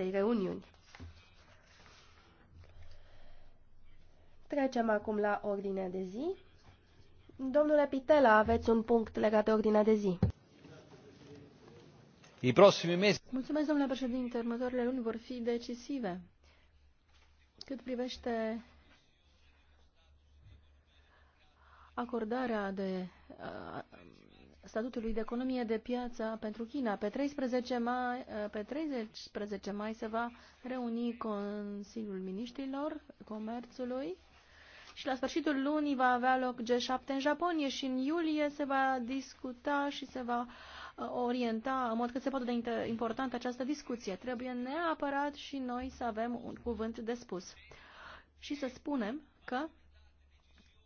acestei reuniuni. Trecem acum la ordinea de zi. Domnule Pitela, aveți un punct legat de ordinea de zi. Mulțumesc, domnule președinte. Următoarele luni vor fi decisive. Cât privește acordarea de statutului de economie de piață pentru China. Pe 13 mai, eh, pe 13 mai se va reuni Consiliul Ministrilor Comerțului și la sfârșitul lunii va avea loc G7 în Japonie și în iulie se va discuta și se va eh, orienta în mod cât se poate de important această discuție. Trebuie neapărat și noi să avem un cuvânt de spus și să spunem că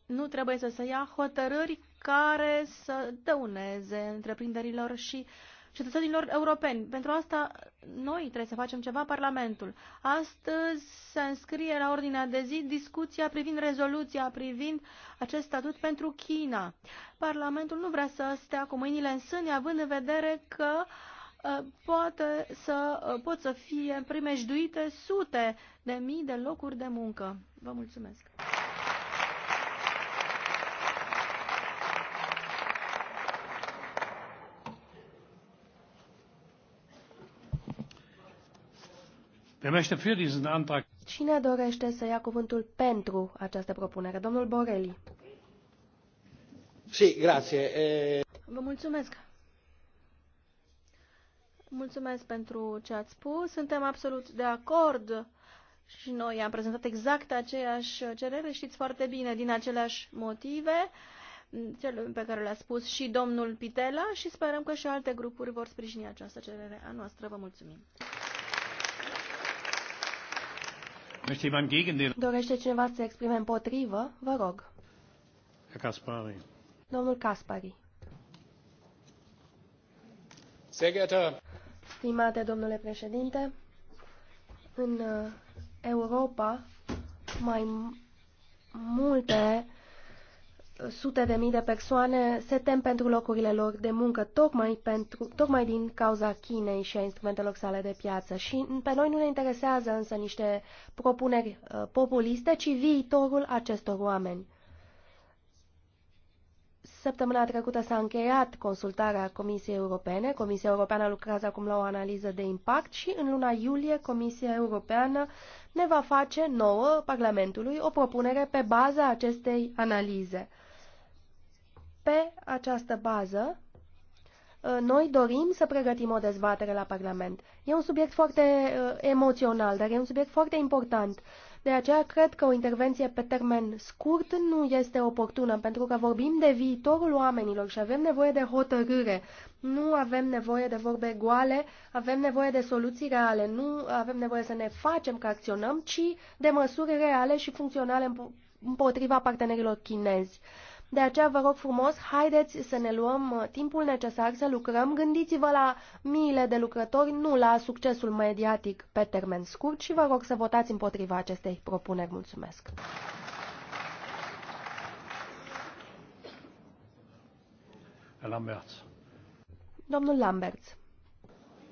nu trebuie să se ia hotărâri care să dăuneze întreprinderilor și cetățenilor europeni. Pentru asta noi trebuie să facem ceva Parlamentul. Astăzi se înscrie la ordinea de zi discuția privind rezoluția, privind acest statut pentru China. Parlamentul nu vrea să stea cu mâinile în sâni, având în vedere că ă, poate să, ă, pot să fie primejduite sute de mii de locuri de muncă. Vă mulțumesc! Er Cine dorește să ia cuvântul pentru această propunere? Domnul Borelli. Sí, grazie. Eh, Vă mulțumesc. Mulțumesc pentru ce ați spus. Suntem absolut de acord și noi am prezentat exact aceeași cerere, știți foarte bine, din aceleași motive, cel pe care le-a spus și domnul Pitela și sperăm că și alte grupuri vor sprijini această cerere a noastră. Vă mulțumim. Dorește cineva să se exprime împotrivă? Vă rog. Kaspari. Domnul Caspari. Stimate domnule președinte, în uh, Europa mai multe sute de mii de persoane se tem pentru locurile lor de muncă, tocmai, pentru, tocmai din cauza Chinei și a instrumentelor sale de piață. Și pe noi nu ne interesează însă niște propuneri uh, populiste, ci viitorul acestor oameni. Săptămâna trecută s-a încheiat consultarea Comisiei Europene. Comisia Europeană lucrează acum la o analiză de impact și în luna iulie Comisia Europeană ne va face nouă Parlamentului o propunere pe baza acestei analize. Pe această bază, uh, noi dorim să pregătim o dezbatere la Parlament. E un subiect foarte uh, emoțional, dar e un subiect foarte important. De aceea cred că o intervenție pe termen scurt nu este oportună, pentru că vorbim de viitorul oamenilor și avem nevoie de hotărâre. Nu avem nevoie de vorbe goale, avem nevoie de soluții reale, nu avem nevoie să ne facem că acționăm, ci de măsuri reale și funcționale împotriva partenerilor chinezi. De aceea vă rog frumos, haideți să ne luăm uh, timpul necesar să lucrăm. Gândiți-vă la miile de lucrători, nu la succesul mediatic pe termen scurt și vă rog să votați împotriva acestei propuneri. Mulțumesc! Lamberts. Domnul Lamberts.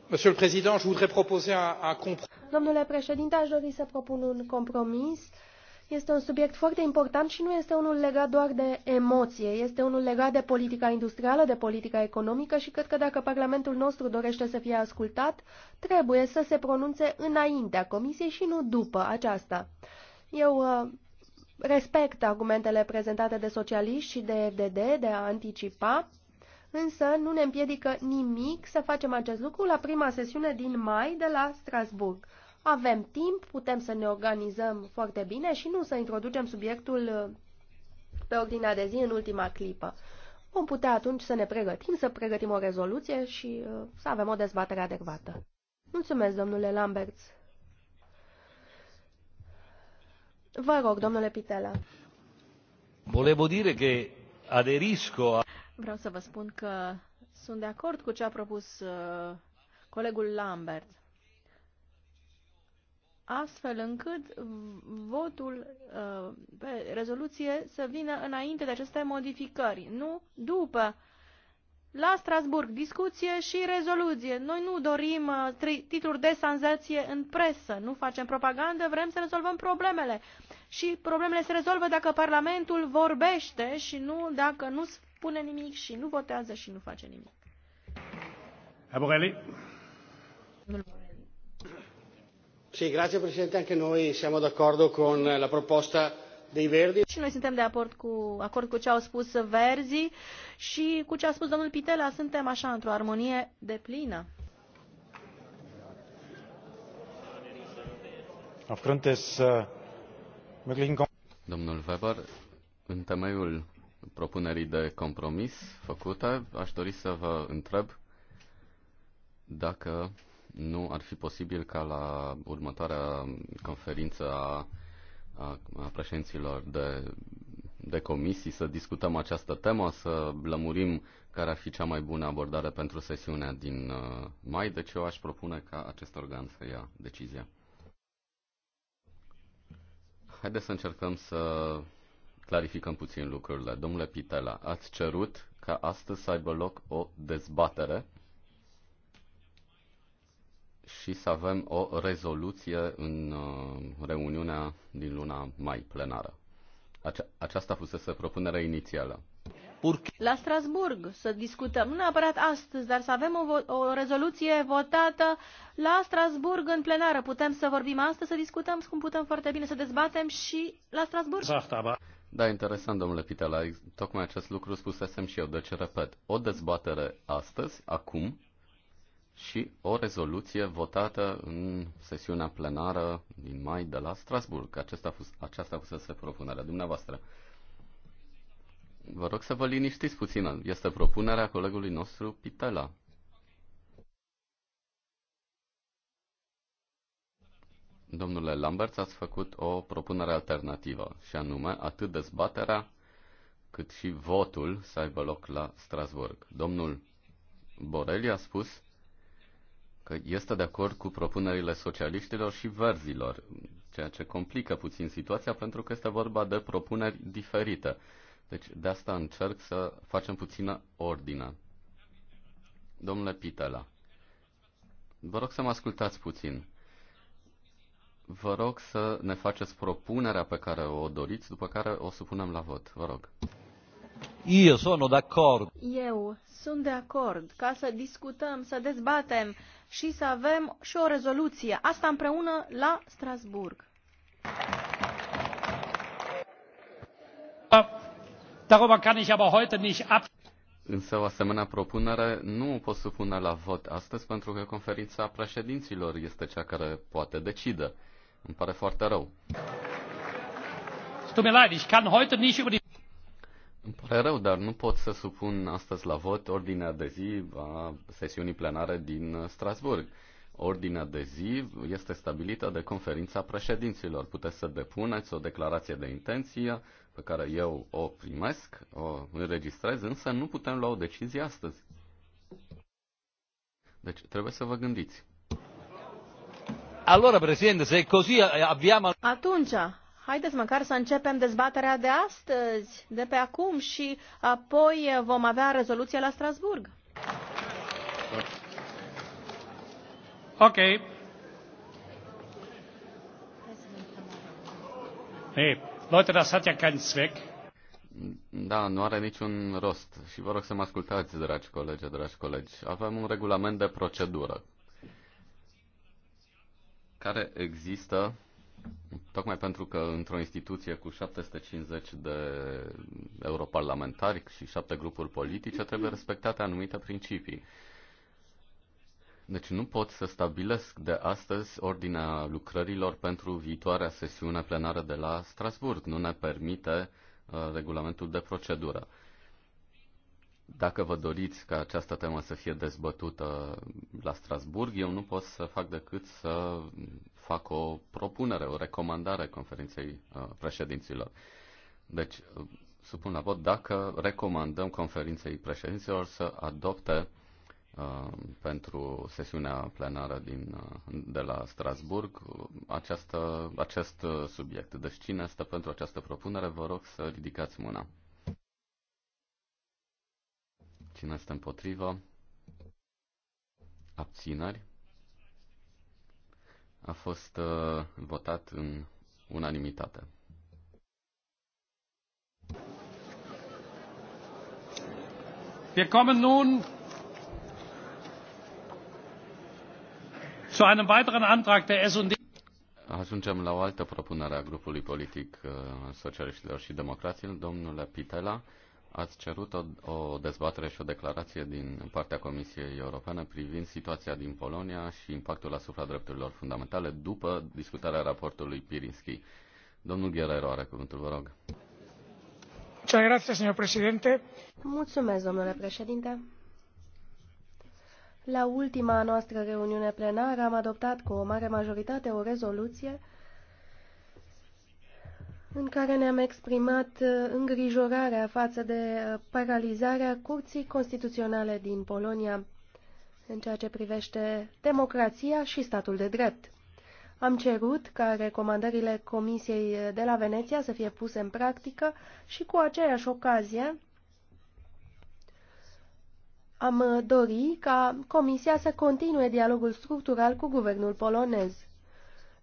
Monsieur le Président, je voudrais proposer un, un compromis. Domnule președinte, aș dori să propun un compromis. Uh, este un subiect foarte important și nu este unul legat doar de emoție, este unul legat de politica industrială, de politica economică și cred că dacă Parlamentul nostru dorește să fie ascultat, trebuie să se pronunțe înaintea Comisiei și nu după aceasta. Eu uh, respect argumentele prezentate de socialiști și de FDD de a anticipa, însă nu ne împiedică nimic să facem acest lucru la prima sesiune din mai de la Strasburg. Avem timp, putem să ne organizăm foarte bine și nu să introducem subiectul uh, pe ordinea de zi în ultima clipă. Vom putea atunci să ne pregătim, să pregătim o rezoluție și uh, să avem o dezbatere adecvată. Mulțumesc, domnule Lamberts. Vă rog, domnule Pitela. Volevo dire che aderisco a... Vreau să vă spun că sunt de acord cu ce a propus uh, colegul Lambert astfel încât votul uh, pe rezoluție să vină înainte de aceste modificări, nu după. La Strasburg, discuție și rezoluție. Noi nu dorim uh, titluri de senzație în presă, nu facem propagandă, vrem să rezolvăm problemele. Și problemele se rezolvă dacă Parlamentul vorbește și nu dacă nu spune nimic și nu votează și nu face nimic. Aborelli. Grazie, președinte. Anche noi siamo d'accordo con la proposta dei Verdi. Și noi suntem de acord cu, acord cu ce au spus Verzi și cu ce a spus domnul Pitela. Suntem așa într-o armonie de plină. Domnul Weber, în temeiul propunerii de compromis făcute, aș dori să vă întreb dacă nu ar fi posibil ca la următoarea conferință a, a, a președinților de, de comisii să discutăm această temă, să lămurim care ar fi cea mai bună abordare pentru sesiunea din uh, mai, deci eu aș propune ca acest organ să ia decizia. Haideți să încercăm să clarificăm puțin lucrurile. Domnule Pitela, ați cerut ca astăzi să aibă loc o dezbatere și să avem o rezoluție în uh, reuniunea din luna mai plenară. Ace- aceasta fusese propunerea inițială. La Strasburg să discutăm, nu neapărat astăzi, dar să avem o, o rezoluție votată la Strasburg în plenară. Putem să vorbim astăzi, să discutăm, cum putem foarte bine să dezbatem și la Strasburg. Da, interesant, domnule Pitela, tocmai acest lucru spusesem și eu, deci repet, o dezbatere astăzi, acum, și o rezoluție votată în sesiunea plenară din mai de la Strasburg. Acesta a fost, aceasta a să propunerea dumneavoastră. Vă rog să vă liniștiți puțin. Este propunerea colegului nostru Pitela. Domnule Lambert, ați făcut o propunere alternativă, și anume atât dezbaterea cât și votul să aibă loc la Strasburg. Domnul Borelli a spus că este de acord cu propunerile socialiștilor și verzilor, ceea ce complică puțin situația pentru că este vorba de propuneri diferite. Deci de asta încerc să facem puțină ordine. Domnule Pitela, vă rog să mă ascultați puțin. Vă rog să ne faceți propunerea pe care o doriți, după care o supunem la vot. Vă rog. Io sono d'accordo. Eu sunt de acord ca să discutăm, să dezbatem și să avem și o rezoluție. Asta împreună la Strasburg. Darüber kann ich aber heute nicht ab Însă o asemenea propunere nu o pot supune la vot astăzi pentru că conferința președinților este cea care poate decide. Îmi pare foarte rău. Tut mir leid, ich kann heute nicht über die îmi pare rău, dar nu pot să supun astăzi la vot ordinea de zi a sesiunii plenare din Strasburg. Ordinea de zi este stabilită de conferința președinților. Puteți să depuneți o declarație de intenție pe care eu o primesc, o înregistrez, însă nu putem lua o decizie astăzi. Deci trebuie să vă gândiți. Allora, Presidente, se così eh, Atunci, Haideți măcar să începem dezbaterea de astăzi, de pe acum și apoi vom avea rezoluție la Strasburg. Ok. Hey. Leute, das hat ja keinen Zweck. Da, nu are niciun rost. Și vă rog să mă ascultați, dragi colegi, dragi colegi. Avem un regulament de procedură care există tocmai pentru că într-o instituție cu 750 de europarlamentari și șapte grupuri politice trebuie respectate anumite principii. Deci nu pot să stabilesc de astăzi ordinea lucrărilor pentru viitoarea sesiune plenară de la Strasburg. Nu ne permite uh, regulamentul de procedură. Dacă vă doriți ca această temă să fie dezbătută la Strasburg, eu nu pot să fac decât să fac o propunere, o recomandare conferinței uh, președinților. Deci, uh, supun la vot dacă recomandăm conferinței președinților să adopte uh, pentru sesiunea plenară din, de la Strasburg această, acest subiect. Deci cine este pentru această propunere, vă rog să ridicați mâna puțin este împotrivă, abțineri. A fost uh, votat în unanimitate. Wir kommen nun zu einem weiteren Antrag der S&D. Ajungem la o altă propunere a grupului politic uh, socialiștilor și democraților, domnule Pitela. Ați cerut o, o dezbatere și o declarație din partea Comisiei Europene privind situația din Polonia și impactul asupra drepturilor fundamentale după discutarea raportului Pirinski. Domnul Gherero are cuvântul, vă rog. Mulțumesc, domnule președinte. La ultima noastră reuniune plenară am adoptat cu o mare majoritate o rezoluție în care ne-am exprimat uh, îngrijorarea față de uh, paralizarea Curții Constituționale din Polonia în ceea ce privește democrația și statul de drept. Am cerut ca recomandările Comisiei de la Veneția să fie puse în practică și cu aceeași ocazie am dori ca Comisia să continue dialogul structural cu guvernul polonez.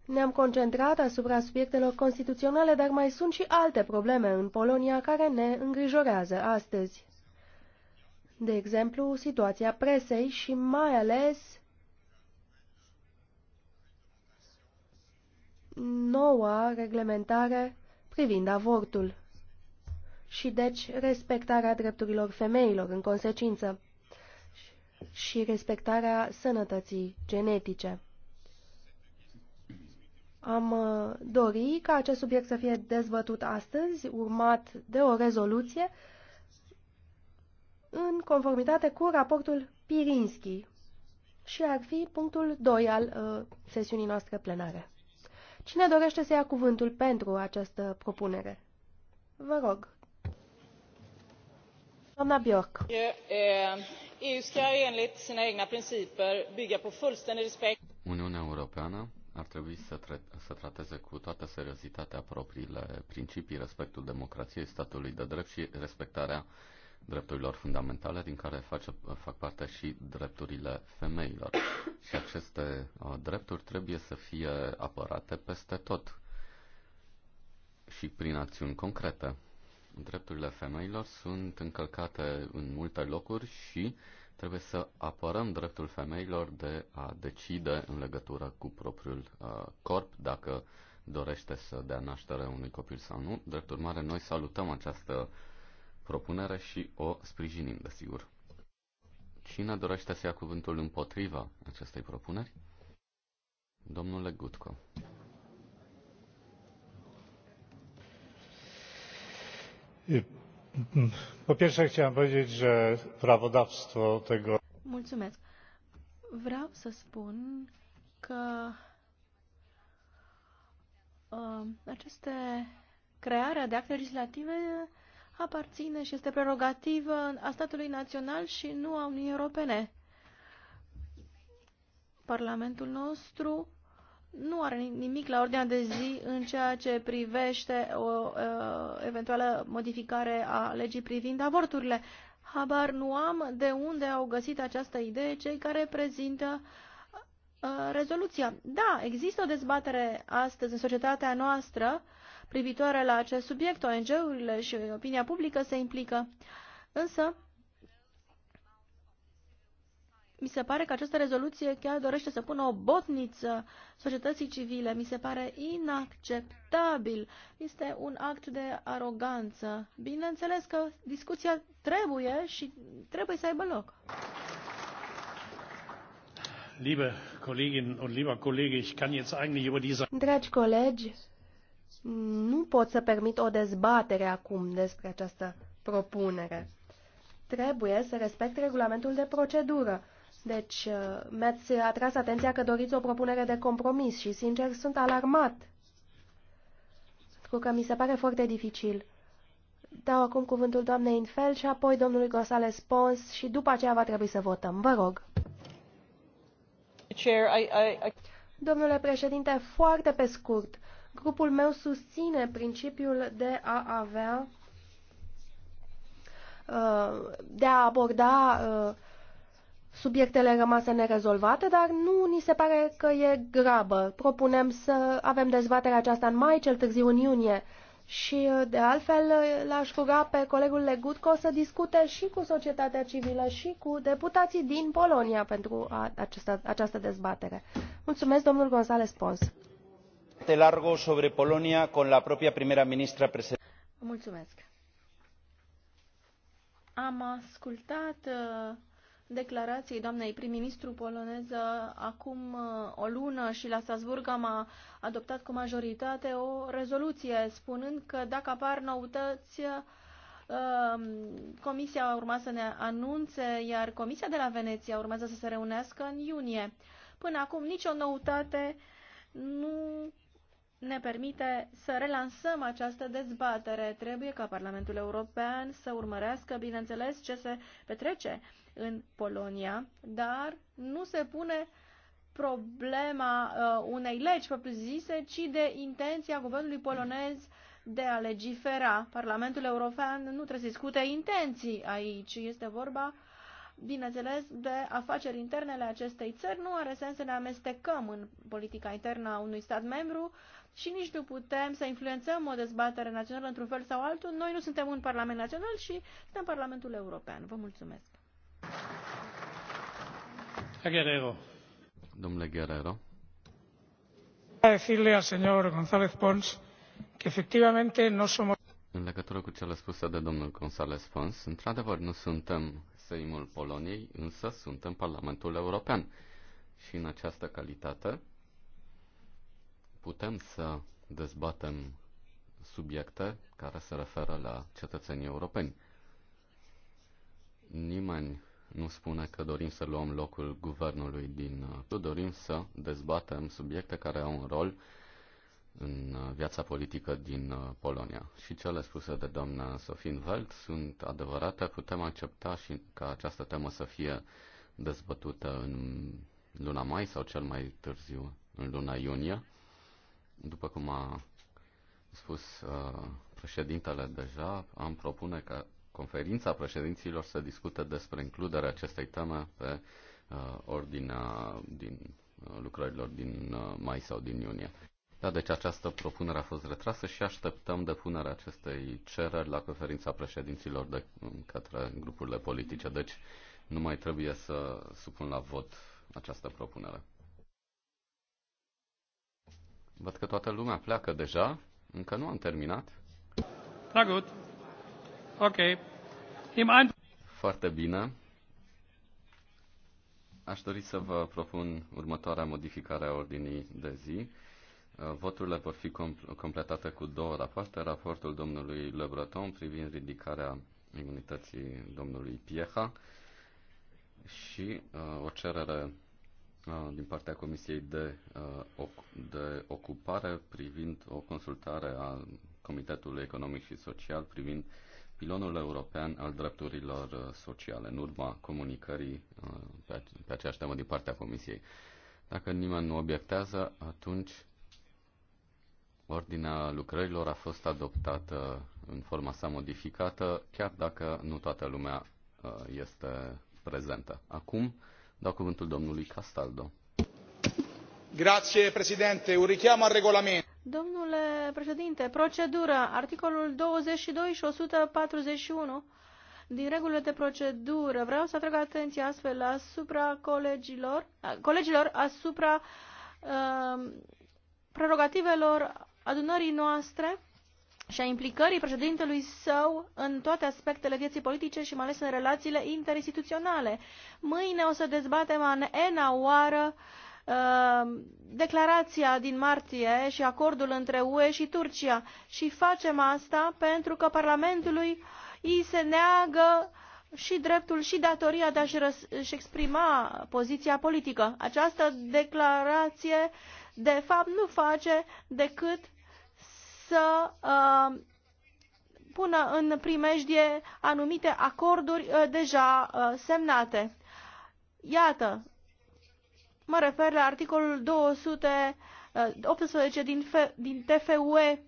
Ne-am concentrat asupra subiectelor constituționale, dar mai sunt și alte probleme în Polonia care ne îngrijorează astăzi. De exemplu, situația presei și mai ales noua reglementare privind avortul și deci respectarea drepturilor femeilor în consecință și respectarea sănătății genetice. Am uh, dori ca acest subiect să fie dezbătut astăzi, urmat de o rezoluție în conformitate cu raportul Pirinski și ar fi punctul 2 al uh, sesiunii noastre plenare. Cine dorește să ia cuvântul pentru această propunere? Vă rog. Doamna Bjork. EU ska enligt sina egna principer bygga på fullständig respekt trebui să, tre- să trateze cu toată seriozitatea propriile principii, respectul democrației, statului de drept și respectarea drepturilor fundamentale, din care face, fac parte și drepturile femeilor. și aceste uh, drepturi trebuie să fie apărate peste tot și prin acțiuni concrete. Drepturile femeilor sunt încălcate în multe locuri și uh, Trebuie să apărăm dreptul femeilor de a decide în legătură cu propriul uh, corp, dacă dorește să dea naștere unui copil sau nu. Drept urmare, noi salutăm această propunere și o sprijinim, desigur. Cine dorește să ia cuvântul împotriva acestei propuneri? Domnule Gutco. Po pierwsze chciałem powiedzieć, że prawodawstwo tego... Mulțumesc. Vreau să spun că uh, aceste crearea de acte legislative aparține și este prerogativă a statului național și nu a Uniunii Europene. Parlamentul nostru nu are nimic la ordinea de zi în ceea ce privește o uh, eventuală modificare a legii privind avorturile. Habar nu am de unde au găsit această idee cei care prezintă uh, rezoluția. Da, există o dezbatere astăzi în societatea noastră privitoare la acest subiect, ONG-urile și opinia publică se implică. Însă, mi se pare că această rezoluție chiar dorește să pună o botniță societății civile. Mi se pare inacceptabil. Este un act de aroganță. Bineînțeles că discuția trebuie și trebuie să aibă loc. Liebe Kolleginnen und lieber Kollege, ich kann jetzt eigentlich über diese Dragi colegi, nu pot să permit o dezbatere acum despre această propunere. Trebuie să respect regulamentul de procedură deci, uh, mi-ați atras atenția că doriți o propunere de compromis și, sincer, sunt alarmat. Pentru că mi se pare foarte dificil. Dau acum cuvântul doamnei Infel și apoi domnului Gonzales Pons și după aceea va trebui să votăm. Vă rog. Chair, I, I, I... Domnule președinte, foarte pe scurt, grupul meu susține principiul de a avea, uh, de a aborda uh, subiectele rămase nerezolvate, dar nu ni se pare că e grabă. Propunem să avem dezbaterea aceasta în mai, cel târziu în iunie. Și, de altfel, l-aș ruga pe colegul Legutco să discute și cu societatea civilă și cu deputații din Polonia pentru a, această, această dezbatere. Mulțumesc, domnul González Pons. largo sobre Polonia con la propria primera ministra presidenta. Mulțumesc. Am ascultat uh, declarației doamnei prim-ministru poloneză acum uh, o lună și la Strasburg am adoptat cu majoritate o rezoluție spunând că dacă apar noutăți, uh, um, Comisia urma să ne anunțe, iar Comisia de la Veneția urmează să se reunească în iunie. Până acum nicio noutate nu ne permite să relansăm această dezbatere. Trebuie ca Parlamentul European să urmărească, bineînțeles, ce se petrece în Polonia, dar nu se pune problema uh, unei legi propriu-zise, ci de intenția guvernului polonez de a legifera. Parlamentul European nu trebuie să discute intenții aici, este vorba uh, bineînțeles, de afaceri interne ale acestei țări. Nu are sens să ne amestecăm în politica internă a unui stat membru și nici nu putem să influențăm o dezbatere națională într-un fel sau altul. Noi nu suntem un Parlament Național și suntem Parlamentul European. Vă mulțumesc. Guerrero. Domnule Guerrero. Decirle al señor González Pons que efectivamente no somos în legătură cu ce a spus de domnul González Pons, într-adevăr nu suntem Seimul Poloniei, însă sunt în Parlamentul European. Și în această calitate putem să dezbatem subiecte care se referă la cetățenii europeni. Nimeni nu spune că dorim să luăm locul guvernului din... Dorim să dezbatem subiecte care au un rol uh, în uh, viața politică din uh, Polonia. Și cele spuse de doamna Sofin Welt sunt adevărate. Putem accepta și ca această temă să fie dezbătută în luna mai sau cel mai târziu în luna iunie. După cum a spus uh, președintele deja, am propune ca conferința președinților să discute despre includerea acestei teme pe uh, ordinea din uh, lucrărilor din uh, mai sau din iunie. Da, deci această propunere a fost retrasă și așteptăm depunerea acestei cereri la conferința președinților de către grupurile politice. Deci nu mai trebuie să supun la vot această propunere. Văd că toată lumea pleacă deja. Încă nu am terminat. Da, gut. Ok. Foarte bine. Aș dori să vă propun următoarea modificare a ordinii de zi. Uh, voturile vor fi completate cu două rapoarte. Raportul domnului Le Breton privind ridicarea imunității domnului Pieha și uh, o cerere uh, din partea Comisiei de, uh, oc- de Ocupare privind o consultare a Comitetului Economic și Social privind pilonul european al drepturilor uh, sociale, în urma comunicării uh, pe, pe aceeași temă din partea Comisiei. Dacă nimeni nu obiectează, atunci Ordinea lucrărilor a fost adoptată în forma sa modificată, chiar dacă nu toată lumea uh, este prezentă. Acum dau cuvântul domnului Castaldo. Grazie, președinte. Un richiam al regulament. Domnule președinte, procedură, articolul 22 și 141 din regulile de procedură. Vreau să atrag atenția astfel asupra colegilor, colegilor asupra uh, prerogativelor adunării noastre și a implicării președintelui său în toate aspectele vieții politice și mai ales în relațiile interinstituționale. Mâine o să dezbatem în ena oară uh, declarația din martie și acordul între UE și Turcia și facem asta pentru că Parlamentului îi se neagă uh, și dreptul și datoria de a-și, răs- exprima poziția politică. Această declarație, de fapt, nu face decât să uh, pună în primejdie anumite acorduri uh, deja uh, semnate. Iată, mă refer la articolul 218 uh, din, F- din TFUE,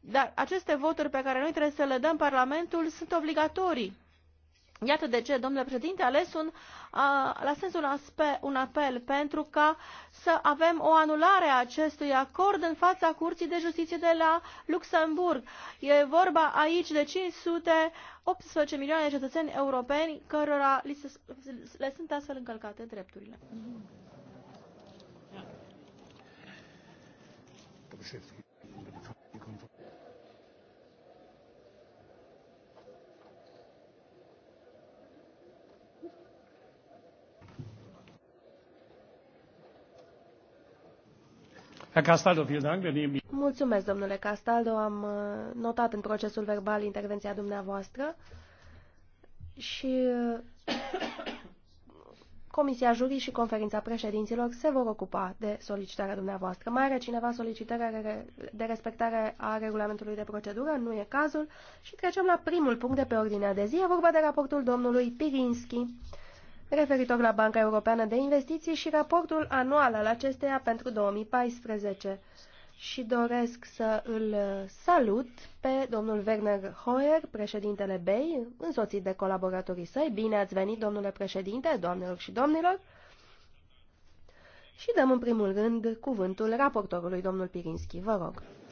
dar aceste voturi pe care noi trebuie să le dăm Parlamentul sunt obligatorii Iată de ce, domnule președinte, ales un, a, la sensul un, aspe, un apel pentru ca să avem o anulare a acestui acord în fața Curții de Justiție de la Luxemburg. E vorba aici de 518 milioane de cetățeni europeni cărora li se, le sunt astfel încălcate drepturile. Mulțumesc, domnule Castaldo. Am uh, notat în procesul verbal intervenția dumneavoastră și uh, Comisia Jurii și Conferința Președinților se vor ocupa de solicitarea dumneavoastră. Mai are cineva solicitarea de respectare a regulamentului de procedură? Nu e cazul. Și trecem la primul punct de pe ordinea de zi. E vorba de raportul domnului Pirinski referitor la Banca Europeană de Investiții și raportul anual al acesteia pentru 2014. Și doresc să îl salut pe domnul Werner Hoyer, președintele BEI, însoțit de colaboratorii săi. Bine ați venit, domnule președinte, doamnelor și domnilor! Și dăm în primul rând cuvântul raportorului, domnul Pirinski. Vă rog.